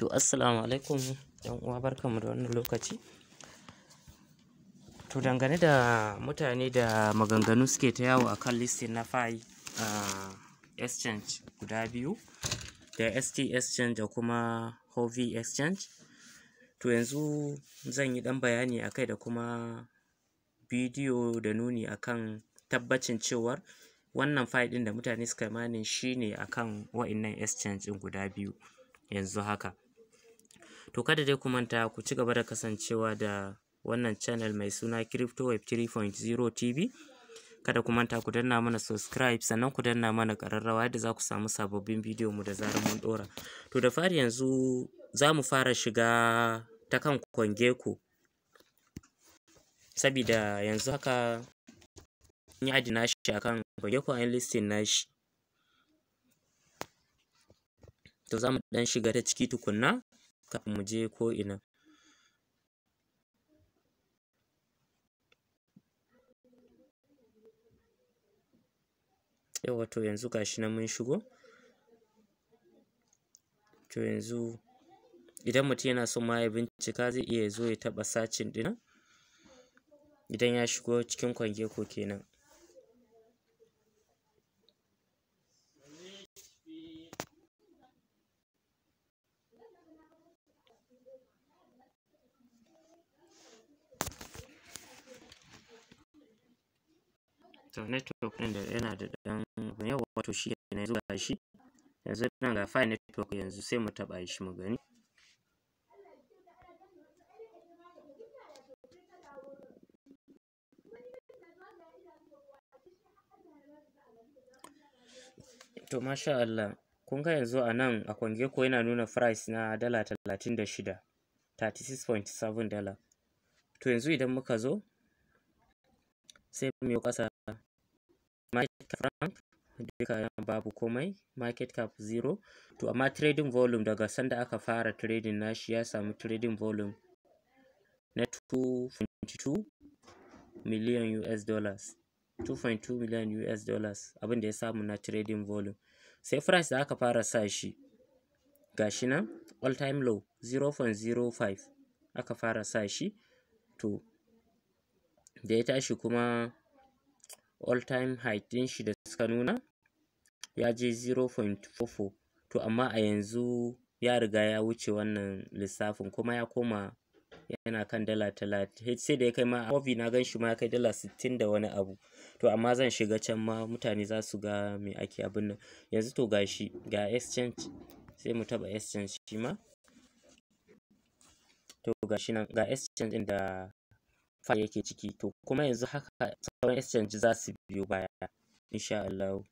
To assalamu alaikum ‘yan uwa barkanmu da wannan lokaci. To dangane da mutane da maganganu suke ta yawo akan listin na fai, uh, exchange guda biyu da ST exchange da kuma Hovi exchange. To yanzu zan yi ɗan bayani akai da kuma bidiyo da nuni akan tabbacin cewar wannan fai ɗin da mutane suka yi shine shi ne akan wa'innan exchange ɗin guda biyu yanzu haka. to kada dai ku manta ku ci gaba da kasancewa da wannan channel mai suna crypto web 3.0 tv kada ku manta ku danna mana subscribe sannan ku danna mana ƙararrawa yadda za ku samu sababbin bidiyo mu da zarar mun ɗora to da fari yanzu za mu fara shiga ta kan kwange ku sabida yanzu haka an yi adina shi kan kwange ku an listing nashi to za mu ɗan shiga ta ciki tukunna muje mu je ko ina. to yanzu ga nan mun shigo. To yanzu idan mutum yana son ma ya bincika zai iya ya zo ya taɓa sacin ɗin Idan ya shigo cikin kwange ko kenan. to network ɗin da yana da ɗan yawa wato shi kenan yanzu ga shi yanzu nan ga file network yanzu sai mu taɓa shi mu gani to masha Allah kun ga yanzu a nan a kwangeko yana nuna price na dala talatin da shida 36.7 dala to yanzu idan muka zo sai mu yi ƙasa market cap rank duka babu komai market cap zero to amma trading volume daga sanda aka fara trading nashi ya samu trading volume na 2.2 million US dollars 2.2 million US dollars abinda ya samu na trading volume sai price da aka fara sa shi gashi nan all time low 0.05 aka fara sa shi to da ya tashi kuma all time high din shi da suka nuna ya je 0.44 to amma a yanzu ya riga ya wuce wannan lissafin kuma ya koma yana kan dala talatin sai da ya kai ma a na gan shi ma ya kai dala sittin da wani abu to amma zan shiga can ma mutane za su ga mai ake abin nan yanzu to gashi ga exchange sai mu taba exchange shi ma to gashi nan ga exchange din da fa yake ciki to kuma yanzu haka sauran exchange za su biyo baya insha Allah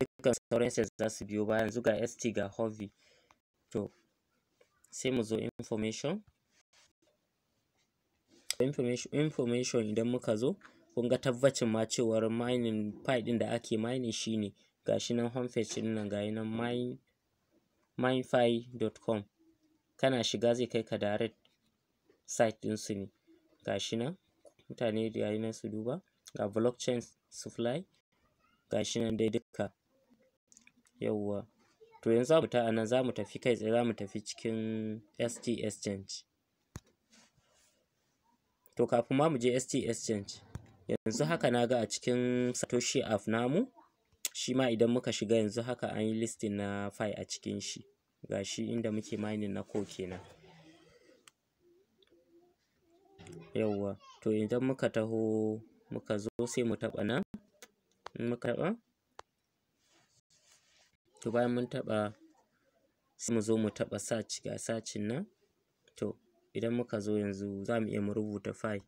dukkan sauran exchange za su biyo baya yanzu ga ST ga Hovi to sai mu zo information information information idan muka zo kun ga tabbacin ma cewar mining pipe din da ake mining shine gashi nan homepage din nan gayi nan mine minefi.com kana shiga zai kai ka direct site din su ne ga shi nan mutane da yayi nan su duba ga blockchain supply ga shi nan dai duka yawwa to yanzu za mu ta anan za mu tafi kai tsaye za mu tafi cikin ST exchange to kafin ma mu je ST exchange yanzu haka na ga a cikin Satoshi app namu shi ma idan muka shiga yanzu haka an yi listing na fai a cikin shi ga shi inda muke mining na ko kenan yawwa to idan muka taho muka zo sai mu taɓa nan in muka taɓa to bayan mun taɓa sai mu zo mu taɓa search ga searching nan to idan muka zo yanzu za mu iya mu rubuta file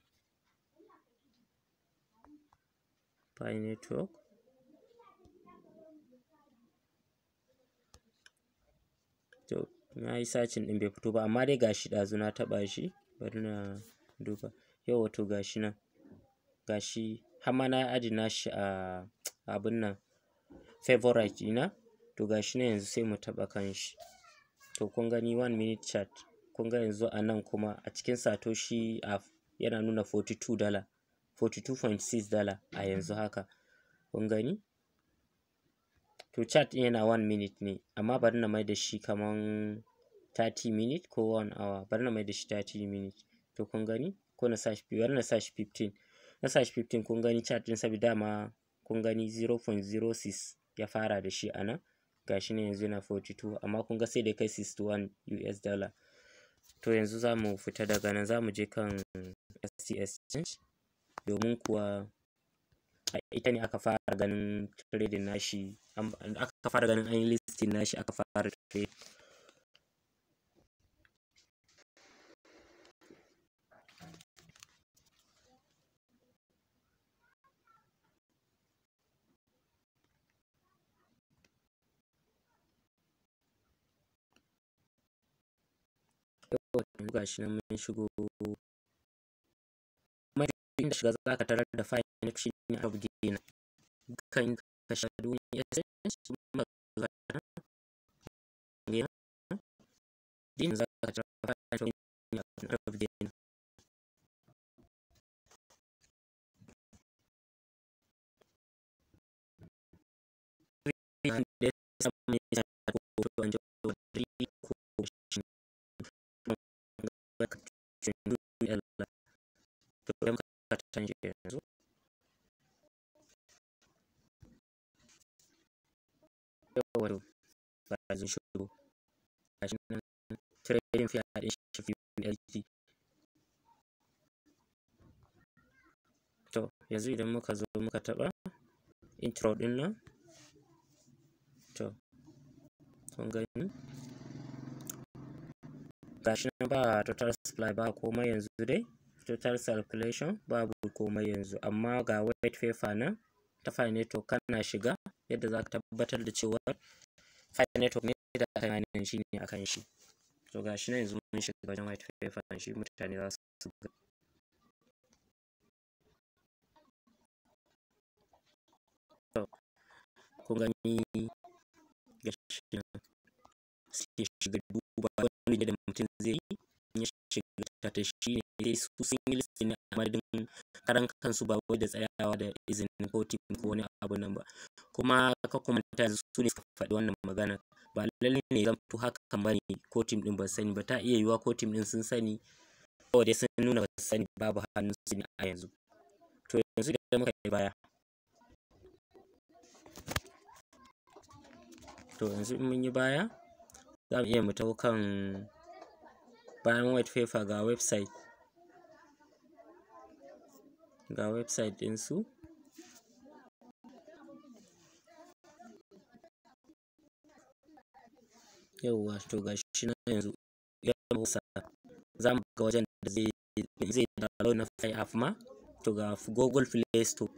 file network to na yi searching ɗin bai fito ba amma dai gashi ɗazu na taɓa shi bari na duba yauwa to gashi nan gashi har ma na adana shi a abun nan favorite ɗina to gashi nan yanzu sai mu taba kan shi to kun gani one minute chat kun ga yanzu a nan kuma a cikin satoshi app yana nuna 42 dala 42.6 dala a yanzu haka kun gani to chat ɗin yana one minute ne amma bari na maida shi kaman 30 minute ko one hour bari na maida shi 30 minute to kun gani ko na sashi biyar na sashi 15 na sashi 15 kun gani chart din sabi dama kun gani 0.06 ya fara da shi anan gashi ne yanzu yana 42 amma kun ga sai da kai 61 US dollar to yanzu za mu fita daga nan za mu je kan STS change domin kuwa ita ne aka fara ganin trading nashi aka fara ganin an yi listing nashi aka fara trade ga nan mun shigo kuma inda shiga za ka tarar da file na shi ne a rubuce na dukkan eh, ka shiga duk wani essence kuma za ka tarar din za ka tarar da file na shi ne a rubuce na and this I hope to ka canje yanzu yawa to ba zai shigo ga shi nan trading fee ɗin shi USD to yanzu idan muka zo muka taɓa intro ɗin nan to kun gani ga shi nan ba total supply ba komai yanzu dai total circulation babu komai yanzu amma ga white paper nan ta file network kana shiga yadda za ka tabbatar da cewa file network ne da aka yi shi ne akan shi to ga shi nan yanzu mun shiga wajen white paper shi mutane za su ga kun gani ga shi nan shiga duba wani da mutum zai yi ya shiga ta shi ne su sun yi listin ne a madadin karan kansu ba wai da tsayawa da izinin kotu ko wani abu nan ba kuma ka kuma yanzu su ne suka faɗi wannan magana ba lalle ne zan to hakan ba ne kotu din ba sani ba ta iya yiwuwa kotu din sun sani kawai dai sun nuna ba sani babu hannun su ne a yanzu to yanzu idan muka yi baya to yanzu in mun yi baya za mu iya mu kan bayan white paper ga website ga website ɗinsu yauwa to ga shi na yanzu ya musa za mu ga wajen da zai zai download na fai app ma to ga google play store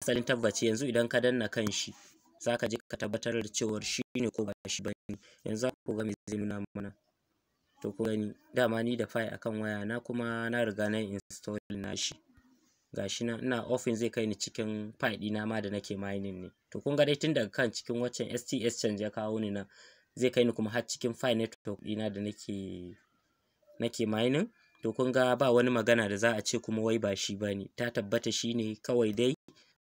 asalin tabbaci yanzu idan ka danna kan shi za ka je ka tabbatar da cewar shi ne ko ba shi ba ne yanzu za ku ga mai zai nuna mana to ku gani dama ni da file akan waya na kuma na riga na install shi gashi nan ina offin zai kai ni cikin file ɗina ma da nake mining ne to kun ga dai tun daga kan cikin waccan STS change ya kawo ni nan zai kai ni kuma har cikin fai network dina da nake nake mining to kun ga ba wani magana da za a ce kuma wai ba shi bane ta tabbata shine kawai dai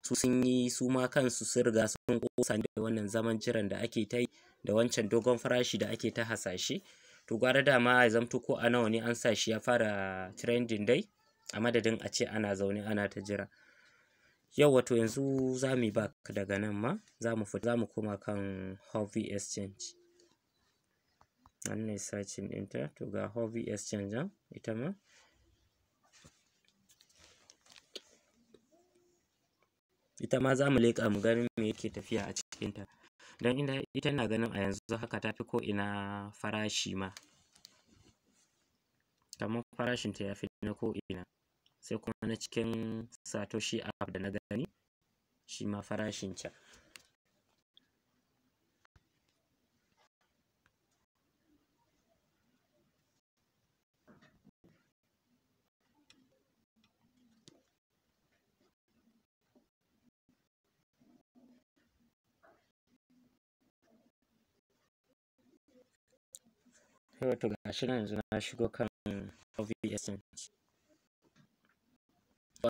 su sun yi su ma kansu sun riga sun kosa da wannan zaman jiran da ake ta yi da wancan dogon farashi da ake ta hasashe to gwara dama ya zamto ko a nawa ne an sa shi ya fara trending dai a madadin a ce ana zaune ana ta jira yau wato yanzu za mu yi back daga nan ma za mu fita za mu koma kan hobby exchange an ne searching ɗinta to ga hobby exchange nan ita ma ita ma za mu leƙa mu ganin me yake tafiya a cikinta don inda ita ina ganin a yanzu haka ta fi ko'ina farashi ma kamar farashinta ya fi na ko'ina sai kuma na cikin satoshi app da na gani shi ma farashin ta Yau ga shi yanzu na shigo kan OVS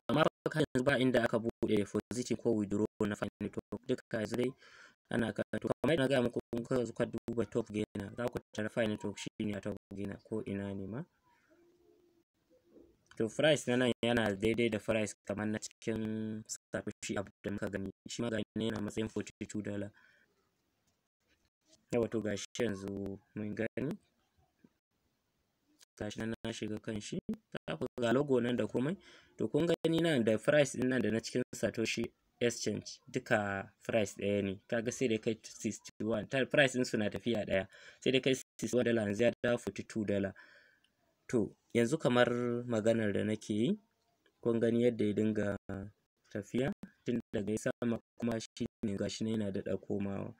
amma fa yanzu ba inda aka buɗe deposit ko withdraw na fine to duka yanzu dai ana kan to kamar yadda na gaya muku kun kai zuwa duba top gainer za ku tara fine to shi ne a top gainer ko ina ne ma to price na nan yana daidai da price kamar na cikin sakushi abu da muka gani shi ma gani yana matsayin 42 dala yawa to gashi yanzu mun gani gashi nan na shiga kan shi ga logo nan da komai to kun gani nan da price din nan da na cikin satoshi exchange duka price ɗaya ne kaga sai dai kai 61 ta price din suna tafiya ɗaya sai dai kai 61 dala yanzu ya da 42 dala to yanzu kamar maganar da nake yi kun gani yadda ya dinga tafiya tun daga ya sama kuma shi ne gashi nan yana daɗa komawa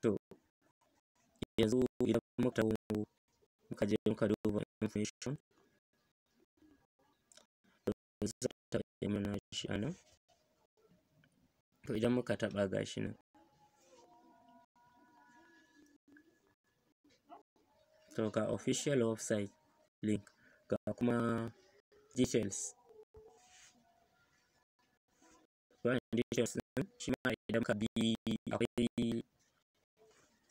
to yanzu idan muka Ka je ka duba information za ta yi mana shi a nan to idan muka taɓa gashi nan to ga official website link ga kuma details wannan details ɗin shi ma idan ka bi akwai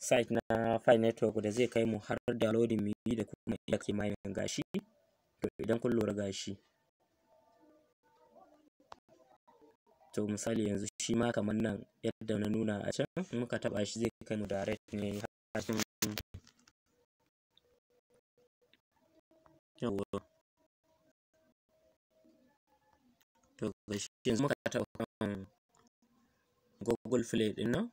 site na file network da zai kai mu har downloading mu yi da kuma inda ke mining gashi to idan kun lura gashi to misali yanzu shi ma kamar nan yadda na nuna a can muka taba shi zai kai mu direct ne har cikin yawwa to gashi yanzu muka taba kan google play din nan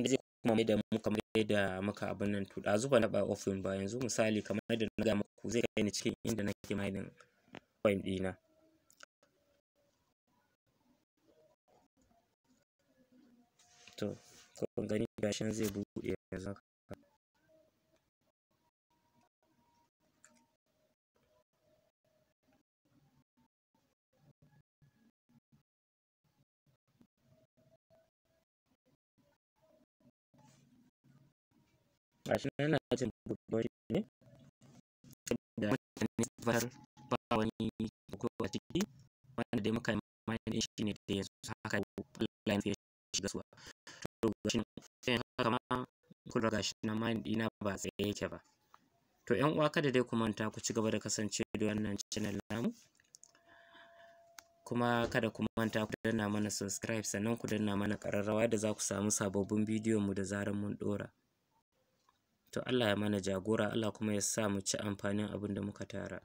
inda zai kuma mai da mu kamar da muka abin nan to ɗazu ba na ba offering ba yanzu misali kamar yadda na gaya muku zai kai ni cikin inda nake mining coin ɗina to kun gani gashin zai buɗe yanzu gashi nan yana cin budurwar shi ne da mutane su fahar ba wani akwai a ciki wanda dai muka mai shi ne da yanzu haka online sai shiga suwa to gashi nan sai haka ma kula gashi nan mai dina ba tsaye yake ba to yan uwa kada dai ku manta ku ci gaba da kasance da wannan channel namu kuma kada ku manta ku danna mana subscribe sannan ku danna mana ƙararrawa da za ku samu sababbin bidiyon mu da zarar mun ɗora to Allah ya mana jagora Allah kuma ya sa mu ci amfanin abin da muka tara